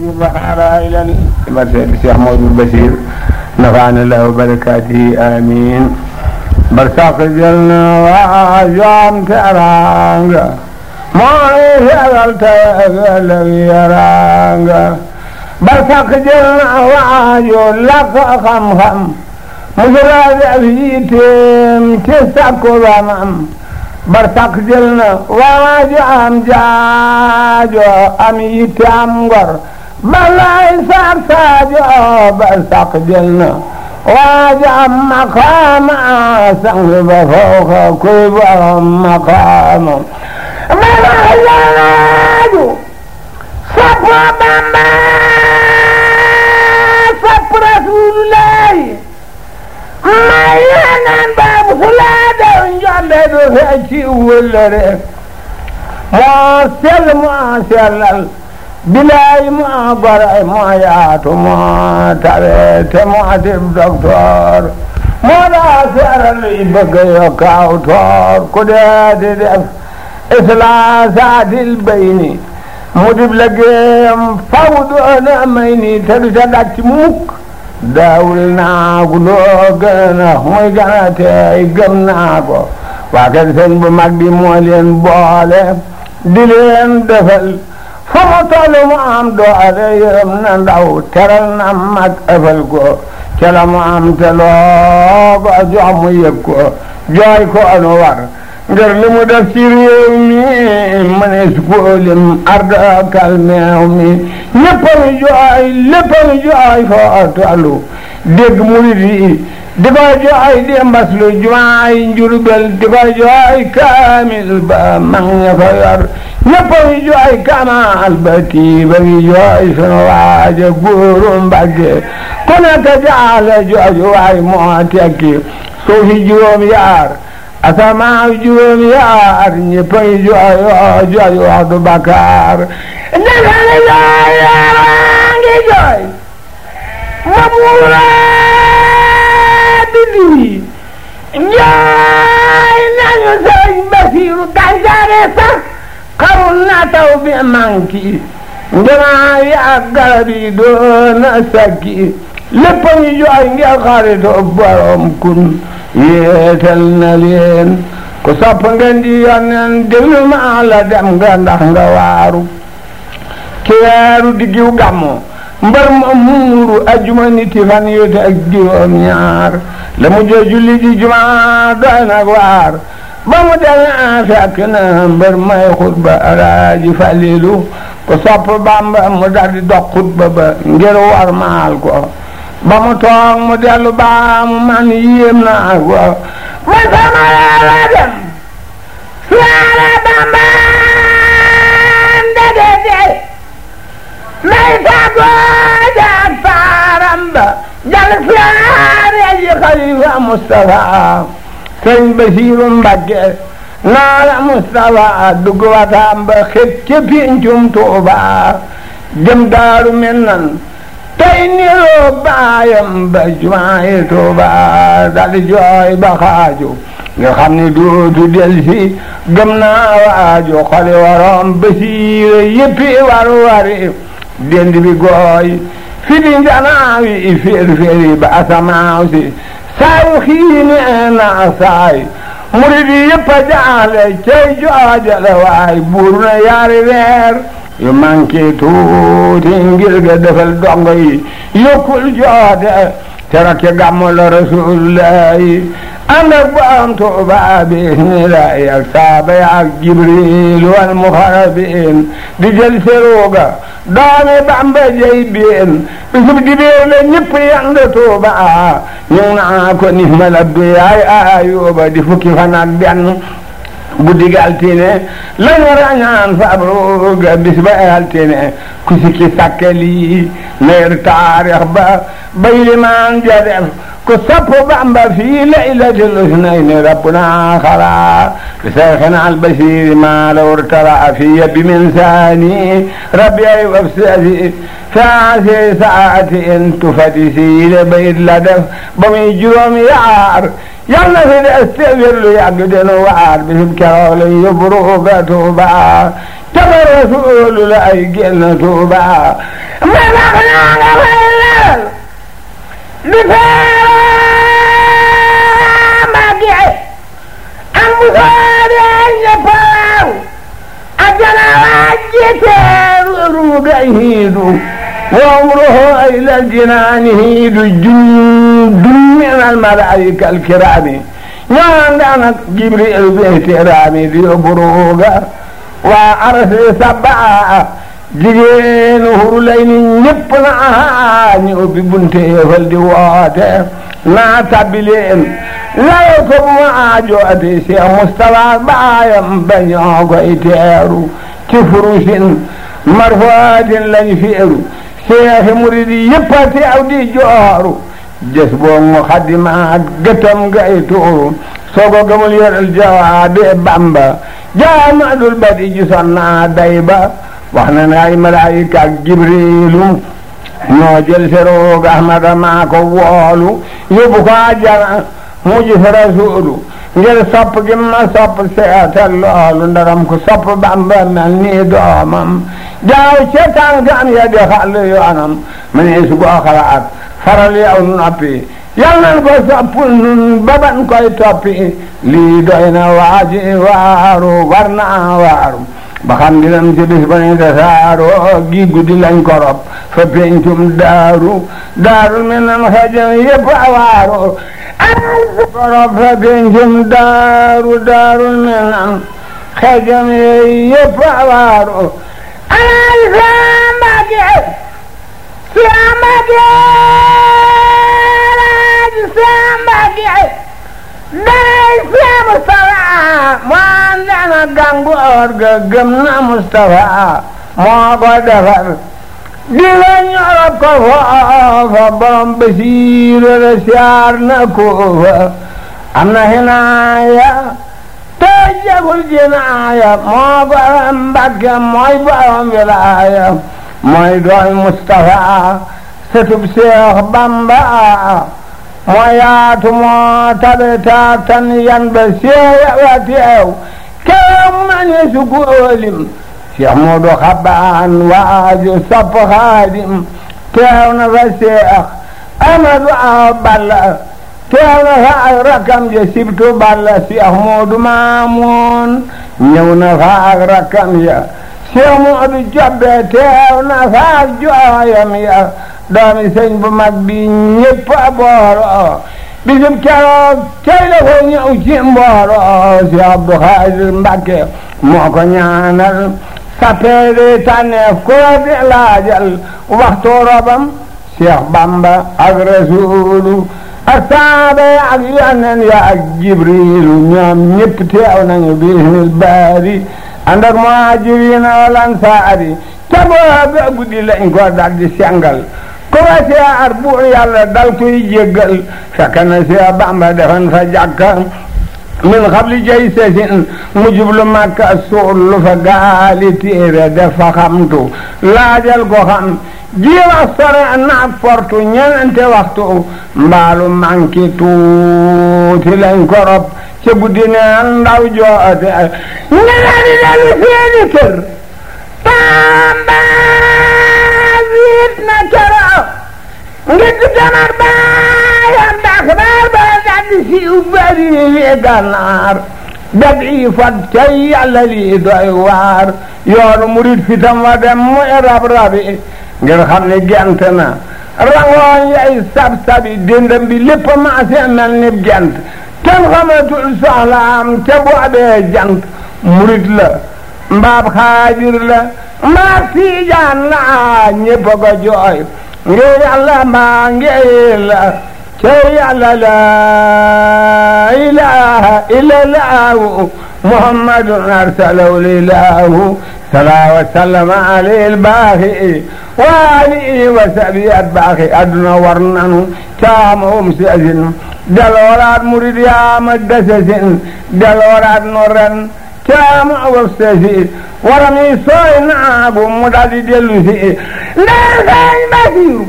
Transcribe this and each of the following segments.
Basiir wa ala ilani marse bi Cheikh Mouhamadul Basiir nafaana lahu barakaatihi amiin barsàq jël na waa joom teraanga mooy fegal teel yaraanga barsàq jël na waa ju lakk xam-xam musalaat ab yitteem ci sàkku bamam barsàq jël na waa ju am jaajo am yitte am ngor balay saab saajo ba saq jël na waajam maqaama sang ba fooka kuy borom maqaama balay saaju sapp bamba sapp rasuulullahi may yanan baabu sulaada njombe du fecci wëllëre moo sel moo selal bilaay moo bare moo yaatu moo tawe te moo dib docteur moo daa seera luy bëgg yokk aw toor ku dee di def islaasaatil bayni mu dib liggéeyam faw doona may ni te du ca dàcc mukk daawul naa ko loo gën a muy gën a tey gëm naa ko waa kenn sëñ bu mag bi moo leen boole di leen defal fa mu toll mu doo ale yërëm na ndaw teral na mag ëfal ko ca la mu am te loo ko jox ko jooy war ngir li mu def ci réew mi mënees koo lim arda kal meew mi ñëpp a nu jooy lépp a kaamil ba mag ña fa yor ñëpp a ngi jooy Kaana Albaki ba ngi jooy sunu waaja Buuru Mbàkke ku nekk jaale jooju waay moo tekki suufi juróom yaar asamaa juróom yaar ñëpp a ngi jooy jooju wax du bakkaar dafa ngi jooy yaraa ngi jooy ma muuraa bi lii jooy nañu sëriñ Basiru Gànjaare sax xarul taw bi manki njamaa yi ak garab yi doon na sakki lépp a ngi jooy ngir xaritoo na leen ku sopp ngeen di yoneen la dem nga nga waaru ci weeru diggiw mbar ma muuru ajuma niti fan yu te ak la mujjee julli ji jumaa doy nag waar ba mu demee fekk na mbër may xutba alaaji falilu ku sopp bamba mu daldi dog xutba ba ngir war maal ko ba mu toog mu dellu baa mu man yéem naa ko ma sama yàlla dem suwaale bamba ndegete may tàggoo jaag faaram ba jal suwaare ji xalifa Mustafa sëñ Basiiru Mbàkke naala Mustafa dugg wataam ba xëpp ca pincum Tuuba jëm daaru men nan tey niroo baayam ba jumaay Tuuba dali jooy ba xaaju nga xam ni dootu del si gëm naa waaju xoli waroom Basiiru yëppi waru wari dend bi gooy fi di njanaawi féer féeri ba asamaaw si tawxiin naa saay murid yëpp a jaale cey joojale waay buur na yaari weer yu manqué tuuti ngir ga defal dongo yi yokkul joote te rakki gàmmu la rasulullahi أنبأهم تؤبى بإذن الله التابع جبريل والمخربين بجلس روقة doomi Bamba jey biin bisub dibéer la ñëpp yanda Tuuba ñu naa ko nif ma la bi yaay Ayuba di fukki fan ak benn guddi gi altine lañ war a ñaan fa abroga bis ba ay altine ku sikki sàkke lii leer taarix ba bay limaan ja def ku sappo bamba fii laylatil usnayni rabbuna xara bi sayxina albasiri ma lawr tara fiya bi min saani rabbi ay wafsasi faase saati in tufati siile bayit la def ba muy juróom yaar yal fi des te lu yàgg de nu waar bisim keroog la yóbbu ruuga Tuuba tabar rasuulu la ay génn Tuuba ma bax naa nga fay leer di feera Mbàkke am bu soobee ñëppam ajjana waa ji teeru ruuga hiidu وعمره إلى الجنان du جند من الملائكة الكرام ñoo daan ak Jibril bi teraami di yóbbu ruuga waa arsi sabaa jigéenu huru lay ni ñëpp naa ñu ubbi bunte yofal di woote naa tabbi lay ko mu aajooti Cheikh Moustapha baayam ba ñoo koy teeru ci furusin marfaatin lañ feeru seexe murid yi yëppati aw di jooru jës boo mu xadimaat gëtam gay tuuru soogo gëmul yoral jawaabe bamba jaamaadul badi ji sonna day ba wax na ne ay malaayika ak jibriilum ñoo jël seroog ahmada maa ko woolu yóbbu ko ajana mujjitara suudu ngir sopp gi ma sopp seetal loolu ndaram ku sopp bamba mel nii doomam jaaw ca tànkam ya di xàll yoonam ma ne su koo faral yow noppi ko sopp baban koy toppi lii doy waaji waaru war naa waaru ba xam dinam ci bis ba ne gi guddi lañ fa pencum daaru daaru mi nan xajam yëpp awaaru borofa bincum daaru daaru menan xejam ye yëpp awaaru alal saamake saamake laaj saamake daray see Mustafa moo dana gangu orga gëm na Mustafa moo ko defar di lañ arab ka faafa borom basiira la siyaar na ko am na hinaaya te jagul jinaaya moo borom mbakke mooy borom wilaaya mooy dooy Mustafa setub Seex Bamba mooy yaatu moo tabe taatan yan ba seeya wa teew kew nañu su góolim يحمد خبعا وعاد صف خادم تهون فسيخ أمد بل تهون فأغركم جسبت بل سيحمود مامون يون فأغركم يا سيحمود جبه تهون فأجوهم يا doomi sëñ bu mag bi ñëpp a booro bisub keroog tey la ko ñëw ci mbooro si Abdou Khadir Mbacke moo ko ñaanal sappee di tànneef ku la di laajal waxtu robam Bamba ak Rasuulu ak saaba ya ak yonen ak Jibriilu ñoom ñëpp teew nañu biir baari ànd ak muhaajiriina wal ansaari ca booba guddi lañ ko dal di sengal ku ba siyaar buur yàlla dal kuy jéggal fekk Bamba defan fa min xabli jay sesin mu jublu makka suul lu fa gaali téere dafa xamtu laajal ko xam jiwa sore naag fortu waxtu mbaalu manki tuuti lañ ko rob ca guddi neen ndaw joote ñeneen di dellu seeni yu bari gànnaar dab yi fat cay yàlla lii doy waar yoonu murit fitam wa dem muy rab-rabi ngir xam ni gent na rangoon yay sab-sabi dindam bi lépp maase mel ni gent ten xamatul soxlaam te boobee jant murit la mbaab xaajir la mbaab siijaan la ñëpp a ko jooy ngir yàlla mbaa ngir la cey yàlla laa ilaaha illallaahu muhammadun arsalahu lillaahu salaa wa sallama alil baaxi wa alihi wa sabi at baaxi aduna war nanu caamawum seesin delooraat murid yaama desesin delooraat no ren caamawum seesi warami sooy naagu mu daldi dellu si ndeer sëñ Basiru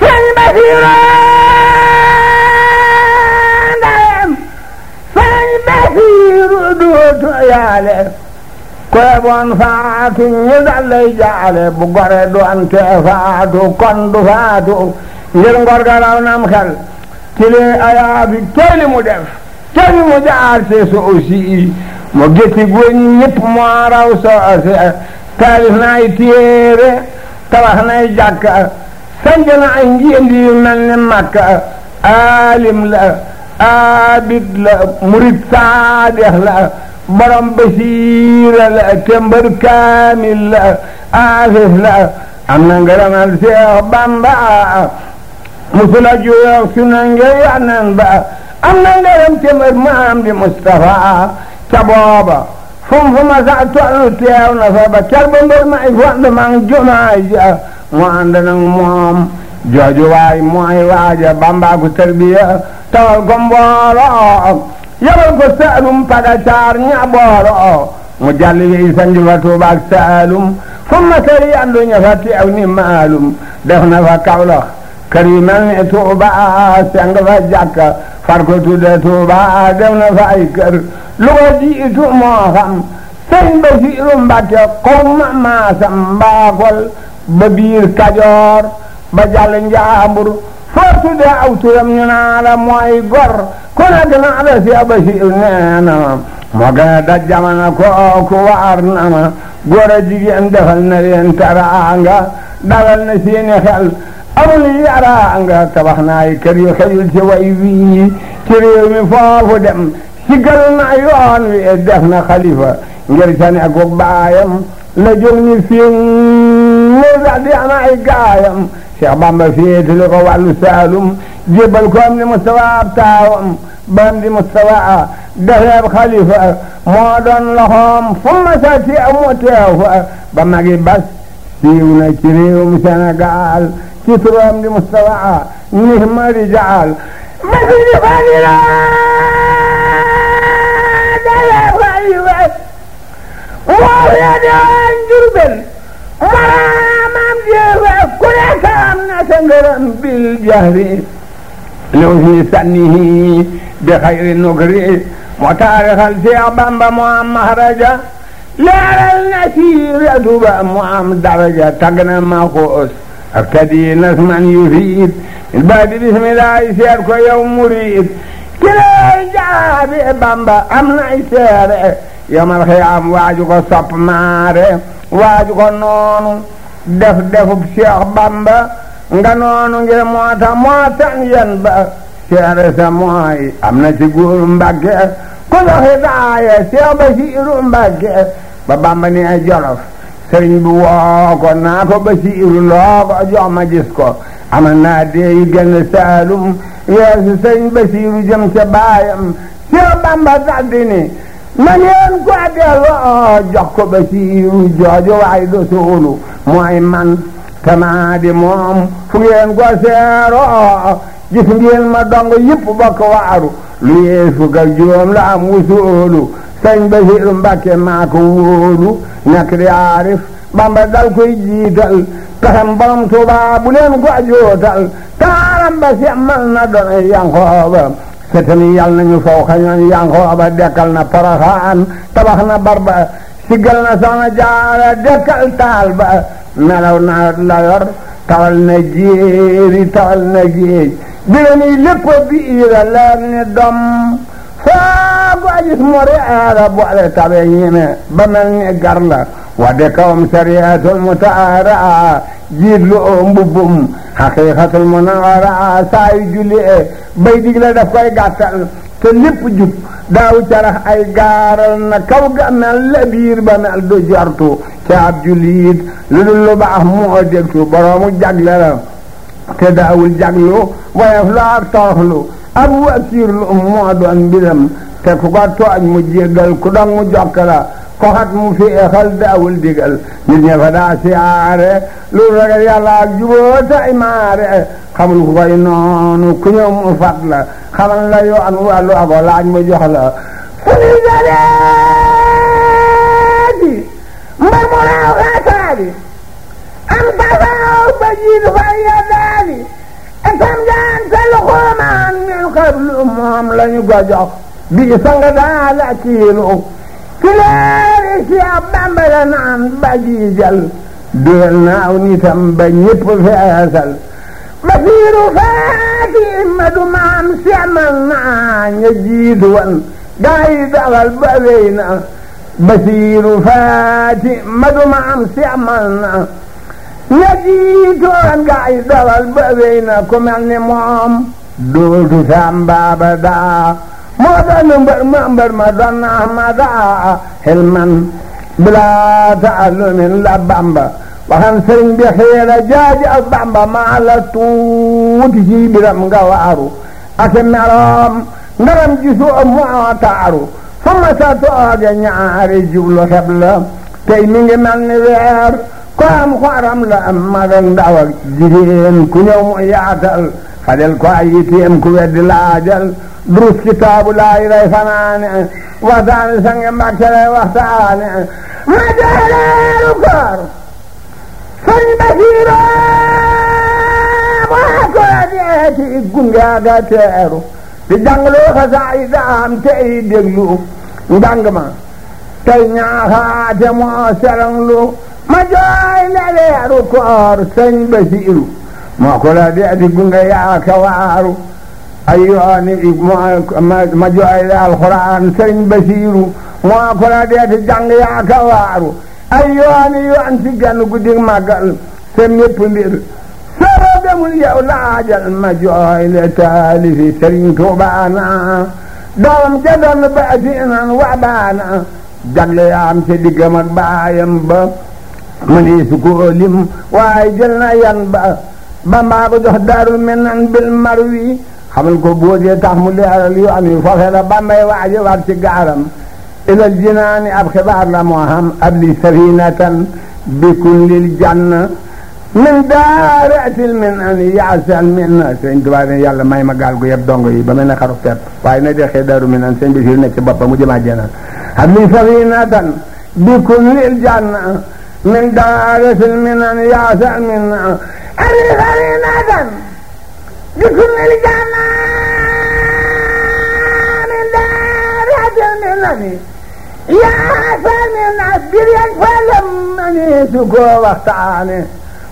sëñ Basiru yaale ku yeboon faatu ñu dal lay jaale bu gore du am tee kon du faatu ngir ngor ga raw nam ci li ayaa bi tey mu def tey mu jaar ci soosi mu gëti gwen yëpp moo raw soosi taalif nay téere tabax nay jàkka sanc na ay njiyandi yu mel ni makka alim la abid la murid saadex la borom basiira la te mbër kaamil la aafis la am na ngërëmal Seex Bamba musula juyoo su na ngey anan ba am na ngërëm ca booba fum fu ma sa tollu teew na fa ba cal ba mbër ku tarbiya tawal ko yabal ko saalum pagacaar ña booro mu jàll wey sanju fa tuubaak saalum fumma sari andu ña fa ti aw ni maalum def na fa kawlax kër yu mel ni tuuba seng fa jàkka far ko tudde def na fa ay kër lu ko jiitu moo xam sëñ Basiiru Mbàkke xawma maasam mbaakol ba biir Kajoor ba jàll njaambur foo tuddee aw turam ñu naa mooy gor ku nekk naa la si Basiir nee na ma moo gën a daj jamono waar na ma góor a jigéen defal na leen taraanga dalal na seeni xel amul yaraanga tabax na ay kër ci way wii ci réew mi foofu dem ci gal na yoon wi def na xalifa ngir ca nekk baayam la jóg ni sax di am ay gaayam Cheikh Bamba féetale ko wàllu Saalum jébbal ko am ni Moustapha ab taawam baam di Moustapha dafeeb xalifa moo doon loxoom fu masa ti aw mu teew fa ba magi bas siiw na ci réewum Sénégal ci turam di Moustapha nihma rijaal masidi fanila dafeeb xalifa moo ya daan Jurbel jeefa ku nekk am na sa ngërëm bil jahri lew fi sannihi bi xayri nukri mu taarixal Seex Bamba mu am mahraja leeral na siira tuba mu am daraja tagg na ma ko ak tadi nas man yufiid min baadi bismillahi seet ko yow muriid kilay jaabi Bamba am na ay seere yamal xiyaam waaju ko sopp maare waaju ko noonu def defub Cheikh Bamba nga noonu ngir moo tax moo tax yéen ba seere am na ci góoru ku la hidaaya Cheikh Basiiru Mbàkke ba Bamba ni ay Jolof sëriñ bi ko naa ko Basiiru loo ko jox ma gis ko amal naa deeyu genn Saalum yeesu sëriñ Basiiru jëm ca baayam Cheikh Bamba sax di man yéen ko delloo ah, jox ko ba ci jooju waay do soolu mooy man tamaa moom fu ngeen ko seeroo ah, gis ngeen ma dong yëpp bokk waaru lu yee fukk ak juróom la am wusoolu sëñ Basiru Mbàkke maa ko wóolu di aarif Bamba dal koy jiital pexem borom Tuubaa bu leen ko jootal taaram ba semmal na doon yankooba setal yi yàlla nañu faw xañoon yanqoo aba dekkal na paraxaan na barba siggal na soxna jaara dekkal taal ba na la yor tawal na jéeri tawal na géej birani lépp bi ira leer ni dom faagu agis mori aara boole tabe ñeme ba mel ni gar la وبكم شريعة المتعارعة jiit lu oo mbubbum xaqiiqatul munawara saa yu julli ee bay digle daf koy gàttal te lépp jub daaw carax ay gaaral na kaw ga mel la biir ba mel du jortu ca ab julli it lu dul lu baax moo dégtu boroomu jagle la te daawul jaglu woyof lu ak tooxlu ab wakiir lu moo doon mbiram te ku ko tooñ mu jéggal ku doon mu jokk la faxat mu fi xel daawul digal nit ña fa daa siyaare lu ragal yàlla ak jubóo tay maare xamul ku koy noonu ku ñëw mu fat la xamal la yoo an wàllu ako laaj ma jox la fu ni galeegi mbar mu raaw xaataali am tasaaw ba jiit fay yadaali itam jaan te luxumaan min qablu moom lañu ko jox bi sanga daala kiilu kileeri Seex Bamba la naan ba jiijal dugal na aw nitam ba ñépp feesal basiiru faati ma du maam semal naa ña jiitu wan gaa yi dawal ba wey na basiiru faati ma du maam semal naa ña jiitu wan gaa yi dawal ba wey na ku mel ni moom dootu saam baaba daa مدن برمبر مدن أحمد حلما بلا تعلم لبامبا waxan sëriñ bi xeela jaaji ak bamba maa la tuuti ci biram nga waaru ak meloom ngaram gisu mu taaru fa ma sa tooge ñaari jublu xeb la tey mi ngi ni weer ko am xaram la am magal ndaw ak jigéen ku ñëw mu yaatal fajal ko ay yitteem ku weddi laajal durus kitaabu laay lay fanaane waxtaane sange mbàkke lay waxtaane ma deeleeru koor sëñ Basiiro maa ko deeti gunga ga teeru di jàngloo xasaay daam tey déglu njàng ma tey ñaaxaate moo seranglu ma jooy na weeru koor sëñ Basiiru moo ko la dee di gunge ka waaru ay yoon ma jooy la alxuraan sëñ Basiiru moo ko la dee jàng yaa ka waaru ay yoon i yoon ci gan guddi magal seen ñépp mbir soo demul yow laajal ma jooy la taalifi sëriñ Tuubaa na doom ja doon ba asiinan wa baana jagle yaam ci diggam ak baayam mu ni su ko lim waaye jël na yan ba bamba ba jox daarul menan bil marwi xamal ko boo dee tax mu leeral yu am yu foofee la bambay waaje war ci gaaram ilal jinaani ab xibaar la moo xam ab li safinatan bikun lil janna min daaratil min an yaasal min na sëñ Tuubaa ne yàlla may ma gaal gu yeb dongo yi ba mel ne xaru pepp waaye na dexee daaru min an sëñ bi si nekk ci boppam mu jëmaa jenaan ab li safinatan bikun lil janna من دارس المنن ياسع منا أري غريمة بكل الجماع من دارس المنن ياسع منا بريك فلمني سكو وقتاني